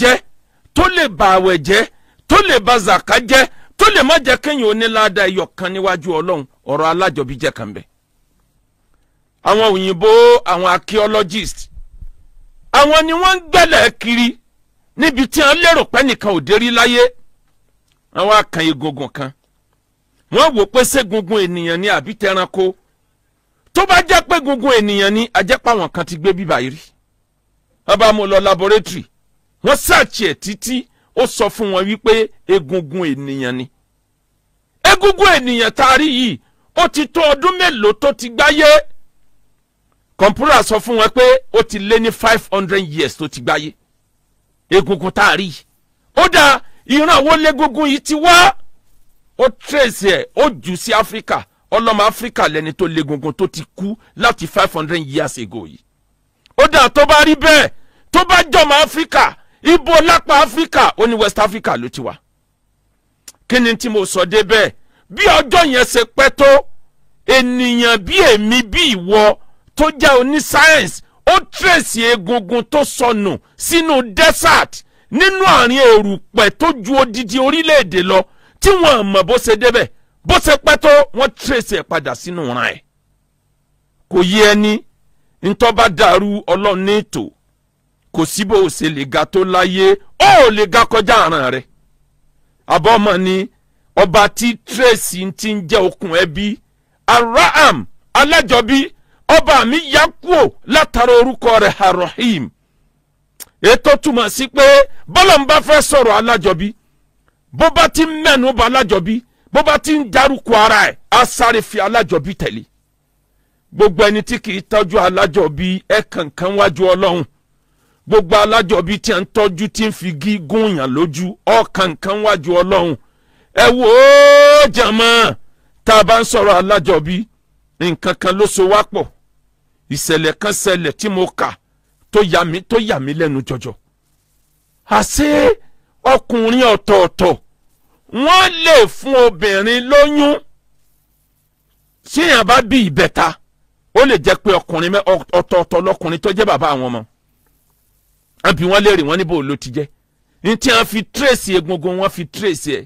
jẹ́ tó lè ba àwẹ̀ jẹ́ tó lè ba zaka jẹ́ tó lè má jẹ́ kéèyàn oníláàdá ẹyọ kan níwájú ọlọ́run ọ̀rọ̀ alájọbí jẹ́ kan bẹ́ẹ̀. àwọn òyìnbó àwọn archaeologist àwọn ni wọ́n ń gbẹ́lẹ̀ kiri níbi tí wọ́n lérò pé nìkan ò dérí láyé àwọn akàn egungun kan wọ́n wò pé ségungun ènìyàn ni àbí tẹranko tó bá jẹ́ pé gungun ènìyàn ni ajẹ́pàwọn kan ti gbé bíbá yìí rí wọ́n bá lọ laboratory wọ́n sáàtì ẹ̀ títí ó sọ fún wọn wípé egungun ènìyàn ni egungun ènìyàn tá a rí yìí ó ti tó ọdún mélòó tó ti gbáyé kọ̀ǹpútà sọ fún wọn pé ó ti lé ní five hundred years tó ti gbáyé egungun tá a rí yìí ó dá ìran wo légungun yìí ti wá ó trace ẹ̀ ó jù sí Áfíríkà ọlọ́mọ Áfíríkà lẹni tó légungun tó ti kú láti five hundred years ago yìí ó dá tó bá rí bẹ́ẹ̀ tó bá jọmọ Áfíríkà ibo lápá áfíríkà ó ní west africa ló ti wà kí ni tí mo sọ débẹ̀ bí ọjọ́ yẹn ṣe pẹ́ tó ènìyàn bí èmi bí ìwọ tó jẹ́ oní science ó tírèsì egungun tó sọnù sínú desert nínú àárín erùpẹ̀ tó ju odidi orílẹ̀-èdè lọ tí wọ́n mọ̀ bó ṣe débẹ̀ bó ṣe pẹ́ tó wọ́n tírèsì ẹ̀ padà sínú ran ẹ̀ kò yé ẹni ntọ́ bá dàrú ọlọ́run ní ètò kò sí bó o ṣe lè ga tó láyé ó lè ga kọjá àràn rẹ abọ́mọ ni ọba tí tírèsì ti ń jẹ́ okùn ẹbí araham alájọbí ọba mi yá kúò látara orúkọ rẹ̀ harohim ètò túmọ̀ sí pé bọ́lá ń bá fẹ́ sọ̀rọ̀ alájọbí bó bá ti mẹ́nu ba alájọbí bó bá ti ń dárúkọ ara ẹ̀ á fi alájọbí tẹ̀lé gbogbo ẹni tí kì í tọ́jú alájọbí ẹ̀ kankan wájú ọlọ́run gbogbo alájọbí tí a ń tọ́jú tí ń fi gí gúnyàn lójú ọ̀kàǹkàn wájú ọlọ́run ẹ wò ó jàmọ́ tá a bá ń sọ̀rọ̀ alájọbí nǹkan kan ló so wá pọ̀ ìṣẹ̀lẹ̀ kan ṣẹlẹ̀ tí mo kà tó yà mí tó yà mí lẹ́nu jọjọ. àṣé ọkùnrin ọ̀tọ̀ọ̀tọ̀ wọ́n lè fún obìnrin lóyún ṣéyàn bá bí ìbẹ̀ta ó lè jẹ́ pé ọkùnrin ọ̀tọ̀ọ̀tọ̀ lọkùnrin tó jẹ́ bàbá àwọn ọmọ wọn bí wọn léèrè wọn níbo ló ti jẹ́ ní tí wọn fi tírèsì egungun wọn fi tírèsì ẹ̀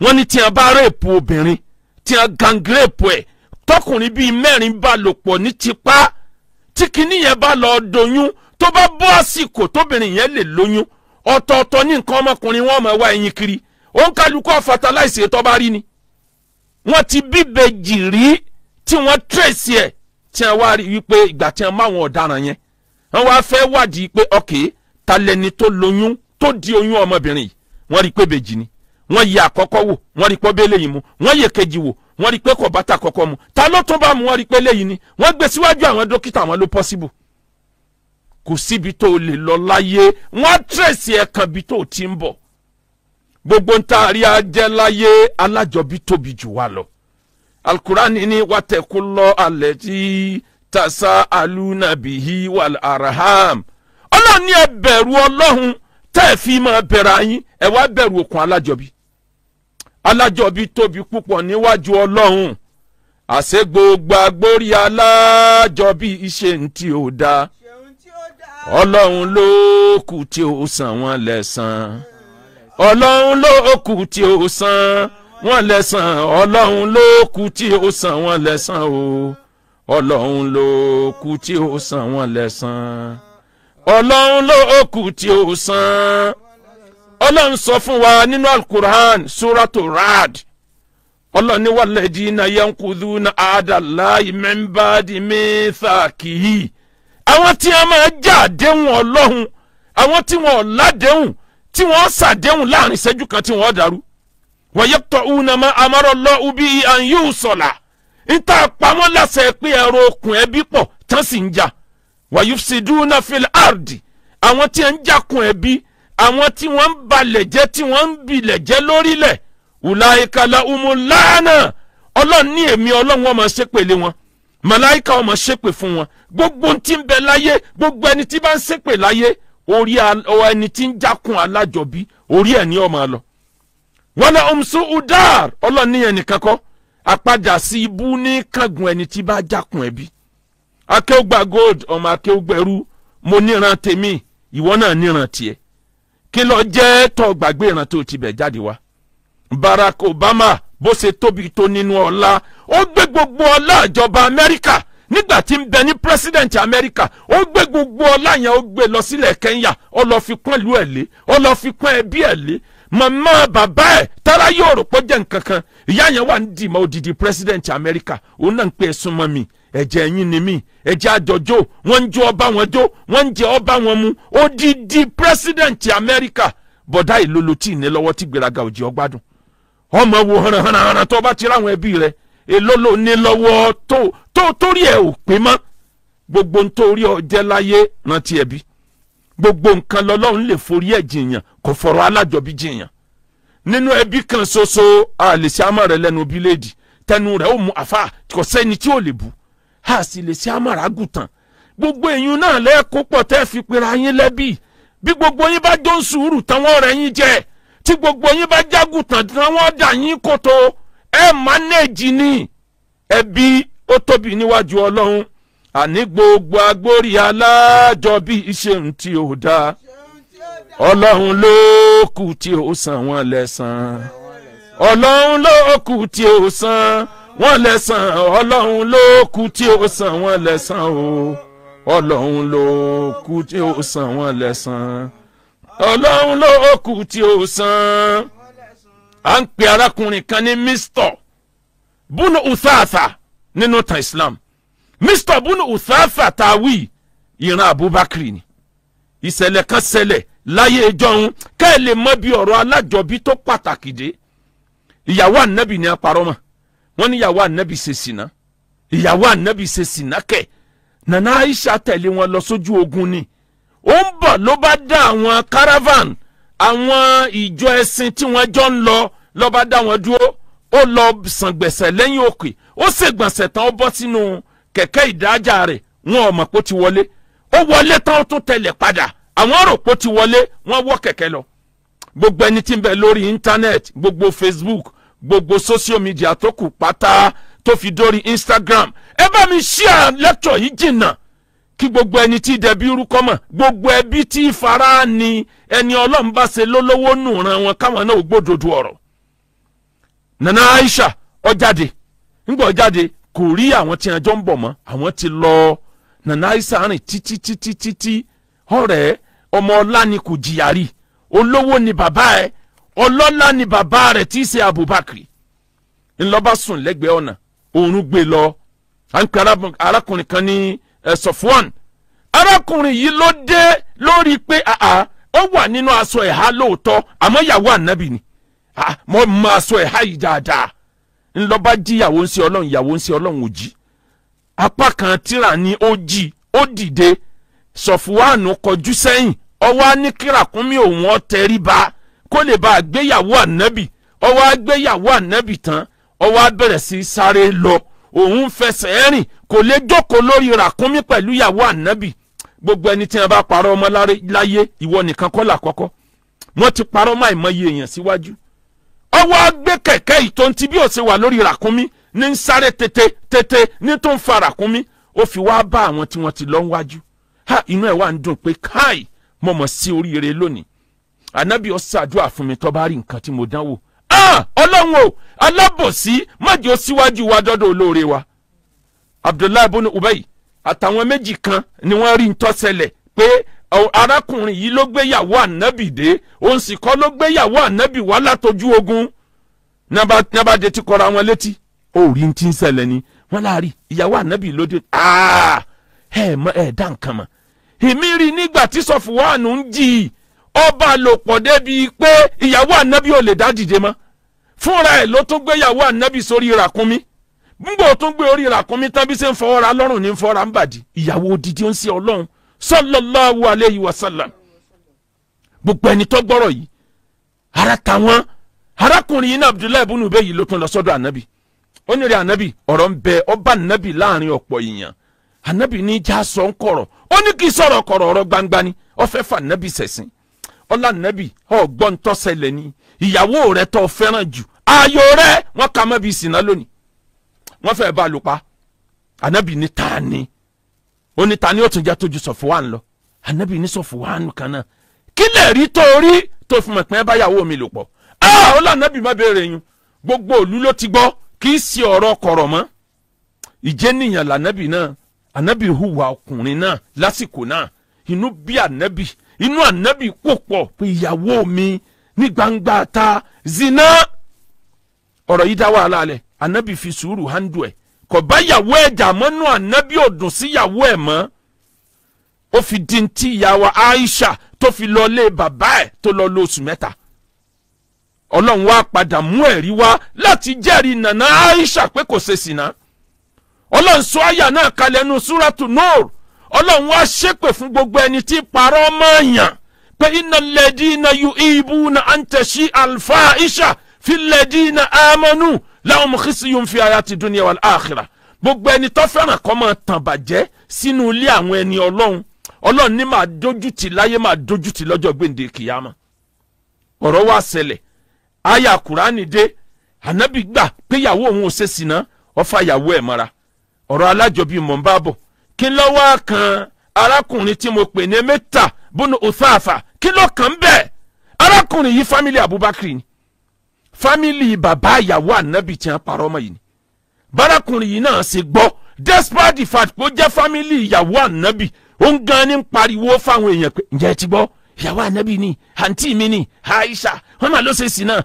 wọn ní tí wọn bá rèpù obìnrin tí wọn gangrepu ẹ̀ tọkùnrin bíi mẹ́rin bá lò pọ̀ ní tipa tí kinní yẹn bá lọ doyún tó bá bọ́ àsìkò tóbìnrin yẹn lè lóyún ọ̀tọ̀ọ̀tọ̀ ní nǹkan ọmọkùnrin wọn máa wá ẹyin kiri òun kálukú ètò ọba rí ni wọ́n ti bíbejì rí tí wọ́n tírèsì ẹ̀ tí wọ́n wá rí wípé ìgbà tí wọ́n máa wọn ọ̀daràn yẹn wọ́n wá fẹ́ wádìí pé ọkè ta lẹni tó lóyún tó di oyún ọmọbìnrin yìí wọ́n rí i pé bèjì ni wọ́n yẹ àkọ́kọ́ wò wọ́n rí i pé bẹ́lẹ̀ yìí mu wọ́n yẹ kejì wò wọ́n rí i pé kò bá ta kọ́kọ́ mu ta ló tún bá mu wọ́n rí i pé léyìí ni wọ́n gbé síwájú àwọn dókítà wọn ló pọ́síbù kò síbi tó o lè lọ láyé wọ́n tẹ̀sí ẹ̀kan bí tó o ti ń bọ̀ gbogbo ntaari ajẹ́ láyé alájọbí tóbi jù wá lọ alukurani ni wàtẹ̀kù lọ alẹ́ tí. tasa aluna bihi wal araham ọlọ́run ní ẹ bẹ̀rù ọlọ́run tẹ́ ẹ fi máa bẹ̀rẹ̀ ayín ẹ wá bẹ̀rù okùn alájọbí alájọbí tóbi púpọ̀ níwájú ọlọ́run àṣẹ gbogbo agbórí alájọbí iṣẹ́ ń tí ó dá ọlọ́run ló kù tí ó san wọ́n lẹ́san ọlọ́run ló kù tí ó san wọ́n lẹ́san ọlọ́run ló kù tí ó san wọ́n lẹ́san o. ọlọ́run ló kù tí ó san wọ́n lẹ́san ọlọ́run ló kù tí ó san ọlọ́run sọ fún wa nínú alukur'an suratu rad ọlọ́run ní walladhina yankuduna adallahi min ba'di mithaqihi àwọn tí a máa já àdéhùn ọlọ́run àwọn tí wọn ò ládéhùn tí wọn ṣàdéhùn láàrin ìṣẹ́jú kan tí wọn ò dàrú wa yaqta'una ma amara Allahu bihi an yusala níta pamọ́ lásẹ̀ pé ẹ̀rọ okùn ẹbí pọ̀ tán sì ń jà wàyúfsidúnà fil ardi àwọn tí ń jakun ẹbí àwọn tí wọ́n ń balẹ̀ jẹ́ tí wọ́n ń bilẹ̀ jẹ́ lórílẹ̀ ulaika lahumu lánà ọlọ́run ní èmi ọlọ́run ọmọ ṣépèlé wọn màláìka ọmọ ṣépè fún wọn gbogbo ohun tí ń bẹ láyé gbogbo ẹni tí bá ń ṣépè láyé orí ẹni tí ń jákun alájọbí orí ẹ̀ ọmọ lọ. wọn lọ ọmọ sùn udar ọlọ́run níyẹn nìkan apájà sí ibú ní kángun ẹni tí bá jákun ẹbí akéwùgbà gold ọmọ akéwùgbẹrú mo níran tèmi ìwọ náà níran tiẹ kí lọ jẹ tó gbàgbé ìran tó ti bẹ jáde wá Barack Obama bó ṣe tóbi tó nínú ọlá ó gbé gbogbo ọlá ìjọba Amẹ́ríkà nígbà tí ń bẹ ní pírẹsidẹ̀ntì amẹ́ríkà ó gbé gbogbo ọlá yẹn ó gbé lọ sílẹ̀ kẹ́ńyà ó lọ fi pọ́n ìlú ẹ̀ lé ó lọ fi pọ́n ẹbí ẹ̀ lé mama baba ẹ tara yóò rò pé jẹ́ nǹkan kan ìyá yẹn wà ní dìmọ̀ òdìdí president America òun náà ń pè é súnmọ́ mi ẹ̀jẹ̀ ẹ̀yìn ni mi ẹ̀jẹ̀ àjọjọ́ wọ́n ń jó ọba wọn jó wọ́n ń jẹ ọba wọn mu òdìdí president America bọ̀dá ìlolo tí ìní lọ́wọ́ tí gbéraga òjì ọgbádùn ọmọ wo hànàhànà tó bá ti ráwọn ẹbí rẹ èlòlò ní lọ́wọ́ tó torí ẹ̀ ò pé mọ́ gbogbo nítorí ọjẹ́ láyé rántí ẹbí gbogbo nǹkan lọ́lọ́run lè forí ẹ̀ jìyàn kò fọ̀rọ̀ alájọbí jìyàn nínú ẹbí kan ṣoṣo a lè ṣe àmọ́ rẹ lẹ́nu bíléèdì tẹnu rẹ ó mu àfa kò sẹ́ni tí ò lè bu a sì lè ṣe àmọ́ rà gùtàn gbogbo èèyàn náà lẹ́ẹ̀kó pọ̀ tẹ́ fi pera yín lẹ́bí bí gbogbo yín bá jó ń sùúrù táwọn ọ̀rẹ́ yín jẹ tí gbogbo yín bá jágùtàn táwọn dà yín kótó ẹ mánéèjì ní ẹbí ó tóbi níwájú ọlọ́run àní gbogbo agbórí alájọbí ìṣeun tí ó dá ọlọ́run ló kù tí ó san wọ́n lẹ́san ọlọ́run ló kù tí ó san wọ́n lẹ́san ọlọ́run ló kù tí ó san wọ́n lẹ́san o ọlọ́run ló kù tí ó san wọ́n lẹ́san ọlọ́run ló kù tí ó san à ń pe arákùnrin kan ní mr bunu usasa nínú tan Islam mr bunu uthafa tawi ìran abubakar ni ìṣẹ̀lẹ̀ kan ṣẹlẹ̀ láyé ìjọhun ká ẹ lè mọ bí ọ̀rọ̀ alájọbí tó pàtàkì dé ìyàwó ànábì ni apàrọ̀ mọ̀ wọ́n ní ìyàwó ànábì ṣe sìnà ìyàwó ànábì ṣe sìnà kẹ̀ nana aisha tẹ̀lé wọn lọ sójú ogun ni ó ń bọ̀ ló bá dá àwọn caravan àwọn ìjọ ẹ̀sìn tí wọ́n jọ ń lọ ló bá dá wọn dúró ó lọ sàngbẹ̀sẹ̀ lẹ́yìn òkè ó ṣègbọ̀nsẹ̀ tán ó bọ́ sínú kẹ̀kẹ́ ìdájà rẹ̀ wọn ò mọ̀ pé ti wọlé ó wọlé tán ó tún tẹ̀lẹ̀ padà àwọn rò pé ti wọlé wọ́n wọ kẹ̀kẹ́ lọ gbogbo ẹni tí ń bẹ lórí íńtánẹ́ẹ̀tì gbogbo Facebook gbogbo social media tó kù pátá tó fi dórí Instagram ẹ bá mi share lecture yìí jìnnà kí gbogbo ẹni tí dẹbi irúkọ mọ̀ gbogbo ẹbí tí fara ni ẹni Ọlọ́run bá ṣe lólówó nùran wọn káwọn náà gbódodo ọ̀rọ̀ Nana Aisha ó ńgbọ́ jáde kò rí àwọn tí ọjọ́ ń mọ́ àwọn ti lọ nana títí títí títí ọ̀rẹ́ ọmọ ọlá ni kò jìyà rí olówó ni bàbá ẹ ọlọ́lá ni bàbá rẹ̀ tí í ṣe abubakar ńlọba sùn lẹ́gbẹ̀ẹ́ ọ̀nà oorun gbé lọ à ń kan ní arákùnrin yìí ló dé lórí pé wà nínú aṣọ ẹ̀há lóòótọ́ ńlọba jí ìyàwó ń ṣe ọlọ́run ìyàwó ń ṣe ọlọ́run ò jí apá kan tíra ni ó jí ó dìde sọfúnwánù kọjú sẹ́yìn ọwọ́ á ní kírakúnmí òun ọ̀tẹ̀ríba kó lè bá a gbéyàwó ànábì ọwọ́ á gbéyàwó ànábì tán ọwọ́ á bẹ̀rẹ̀ sí sáré lọ òun fẹsẹ̀ rìn kò lè jókòó lórí ràkúnmí pẹ̀lú ìyàwó ànábì gbogbo ẹni tí wọn bá parọ́ ọmọ láyé ìwọ nìkan kọ́ làkọ́kọ́ wọ́n ti parọ́ máìmọye èèyàn síwájú ọwọ́ agbé kẹ̀kẹ́ ìtòǹtì bí ó ṣe wà lórí ràkúnmí ní ń sáré tètè tètè ní tó ń fa ràkúnmí ó fi wá bá àwọn tí wọ́n ti lọ wájú ha inú ẹ̀ wá ń dùn pé káì mo mọ̀ sí oríire lónìí ànábì ó ṣàdúrà fún mi tó bá rí nǹkan tí mo dánwò ọlọ́run o alábòsí májè ó síwájú wa dọ́dọ̀ olóore wa abdullahi bonu ubayi àtàwọn méjì kan ni wọ́n rí ń tó pé arákùnrin yìí ló gbéyàwó ànábì dé òun sì kọ́ ló gbéyàwó ànábì wá látojú ogun nàbà ti wọn létí ti ń ni wọ́n láàrí ìyàwó ànábì ló dé ẹ mọ ẹ dá nǹkan mọ̀ èmi rí nígbà tí sọfùwánù ń jì ọba lòpọ̀ débi pé ìyàwó ànábì ò lè dá dìde mọ́ fúnra ẹ̀ ló tún gbéyàwó ànábì sórí ràkúnmí ngbò tún gbé orí sallallahu alayhi wa sallam gbogbo ẹni tó gbọ́rọ̀ yìí ara ta wọn arákùnrin yìí náà abdullahi ibùnú bẹ́ẹ̀ yìí ló tún lọ sọ́dọ̀ ànábì ó ní rí ànábì ọ̀rọ̀ ń bẹ ọba ànábì láàrin ọ̀pọ̀ èèyàn ànábì ní já sọ ń kọ̀rọ̀ ó ní kí sọ̀rọ̀ kọ̀rọ̀ ọ̀rọ̀ gbangba ni ó fẹ́ fà anabi sẹ̀sìn ọlá ànábì ọ̀gbọ́n tó ṣẹlẹ̀ ni ìyàwó rẹ tó fẹ́ràn jù ayò rẹ wọ́n ka mọ́ bí sinna lónìí wọ́n fẹ́ bá a lò pa ànábì ní ó ní ta ni ó tún jẹ́ tójú Sọ̀fùwán lọ ànábì ní Sọ̀fùwán kan náà kí lè rí tó rí tó fi mọ̀ pé ẹ bá yàwó mi lò pọ̀ ah, ó lọ ànábì má béèrè yín gbogbo òlu ló ti gbọ́ kì í ṣe ọ̀rọ̀ kọ̀rọ̀ mọ́ ìjẹ́nìyàn lànábì náà ànábì hùwà ọkùnrin náà lásìkò náà inú bí ànábì inú ànábì pò pé ìyàwó mi ní gbangba ta zina ọ̀rọ̀ yìí dá wàhálà lẹ̀ ànábì fi sùúrù handle ẹ̀ kò bá yàwó ẹ̀ jà mọ́nú ànábì òdùn sí yàwó ẹ̀ mọ́ ó fi di ti ìyàwó Aisha tó fi lọ lé bàbá ẹ̀ tó lọ lóṣù mẹ́ta ọlọ́run wá padà mú ẹ̀rí wá láti jẹ́rìí nànà Aisha pé kò ṣe sìnà ọlọ́run sọ àyà náà kalẹ̀ nu súrátù Nur ọlọ́run wá ṣépè fún gbogbo ẹni tí parọ́ mọ́ yàn pé iná lẹ́dí iná yu ibu na àǹtẹ̀sí àlfà Aisha fi lẹ́dí iná amanu lahum khisyun fi hayati dunya wal akhirah gbogbo ẹni tó fẹ́ràn kó máa tàn bàjẹ́ sínú ilé àwọn ẹni ọlọ́run ọlọ́run ní máa dojú tì láyé máa dojú tì lọ́jọ́ gbèǹde kìyàmá ọ̀rọ̀ wá ṣẹlẹ̀ aya kùránì dé ànábì gbà péyàwó òun ò ṣe sìnà ọfà yàwó ẹ̀ mọ́ra ọ̀rọ̀ alájọbí mọ̀ ń bá bọ̀ kí ló wá kan arákùnrin tí mo pè ní mẹ́ta bónú òfáàfà kí ló kàn bẹ́ẹ̀ arákùnrin yìí fámílì Abubakar ni fámìlì bàbá ìyàwó ànábì tí wọ́n parọ́ mọ́ yìí ni bárakùnrin yìí náà ṣe gbọ́ despite the fact pé ó jẹ́ fámìlì ìyàwó ànábì ó ń gan ní pariwo fáwọn èèyàn pé ǹjẹ́ ti gbọ́ ìyàwó ànábì ni àǹtí mi ni Aisha wọn máa ló ṣe sí náà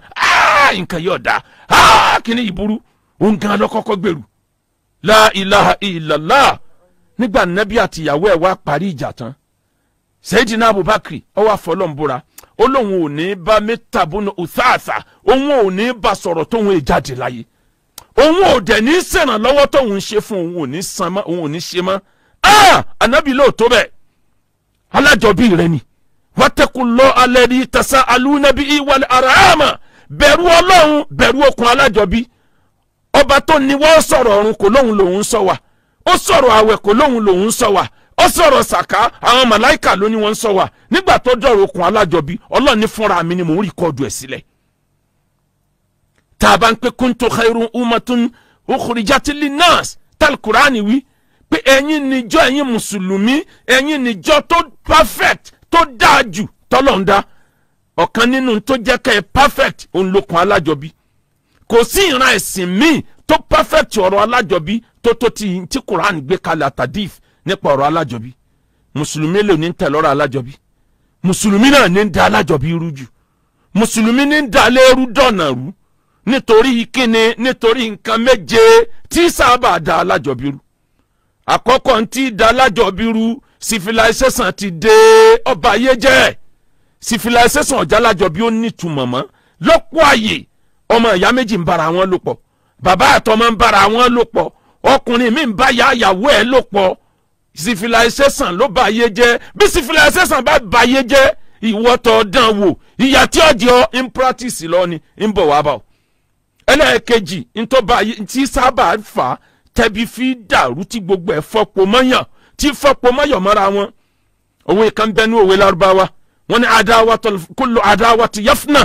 nǹkan yóò dáa kíní ìburú ó ń gan lọ́kọ́kọ́ gbèrú la ilaha illallah nígbà ànábì àti ìyàwó ẹ̀ wá parí ìjà tán sẹ́yìdìnà abubakar ọwọ́ àfọlọ́nbúra ó lóun ò ní bá mẹ́tàbùnú ọ̀sáàsà òun ò ní bá sọ̀rọ̀ tóun èjáde láyé òun ò dẹ̀ ní sẹ̀rànlọ́wọ́ tóun ṣe fún òun ò ní san mọ́ òun ò ní ṣe mọ́ wàtẹ́kù lọ alẹ́ rí tẹ̀sà alúnẹ́bí ìwàlẹ̀ bẹ̀rù ó sọ̀rọ̀ sàká àwọn màláìkà ló ní wọ́n ń sọ wà nígbà tó dọ̀rọ̀ okùn alájọbí ọlọ́ọ̀ni fúnra mi ni mò ń rìkọ́dù ẹ̀ sílẹ̀ tá a bá ń pẹ́ kuntu khairun umatun ukhrijat linnas talkurani wí pé ẹ̀yin níjọ́ ẹ̀yin mùsùlùmí ẹ̀yin níjọ́ tó perfect tó dáa jù tọ́lọ́ǹda ọ̀kan nínú tó jẹ́ kẹ́ ẹ perfect òun lókun alájọbí kò sí ìran ẹ̀sìn míì tó perfect ọ̀rọ̀ alájọbí tó tó ti ti Quran gbé kalẹ̀ àtàdíf nípa ọ̀rọ̀ alájọbí mùsùlùmí ló ní ń tẹ̀ lọ́rọ̀ alájọbí mùsùlùmí náà ní ń da alájọbí irú jù mùsùlùmí ní ń da léèrú dọ̀nà rú nítorí kíni nítorí nǹkan méje tí sábà da alájọbí rú àkọ́kọ́ ń tí da alájọbí rú civilization ti dé ọba ayé jẹ́ civilization ọ̀já alájọbí ó nítumọ̀ mọ́ lọ́pọ̀ àyè ọmọ ìyá méjì ń bára wọn lò pọ̀ bàbá àtọmọ ń bára wọn lò pọ̀ ọkùnrin mi ń bá yá àyàwó ẹ̀ lò pọ̀ civilization ló bà ayé jẹ́ bí civilization bá bà ayé jẹ́ ìwọ tó dán wò ìyà tí ó jẹ ọ́ in practice lọ ni ń bọ̀ wá bá ọ. ẹlẹ́ẹ̀kejì ntọ́ba tí sábà fà á tẹbi fi dàrú tí gbogbo ẹ̀ fọ́pọ̀ mọ́yàn tí fọ́pọ̀ mọ́yàn mọ́ra wọn. òwe kan bẹnu òwe lárúbáwá wọn ni adáwà kullu adáwà ti yafna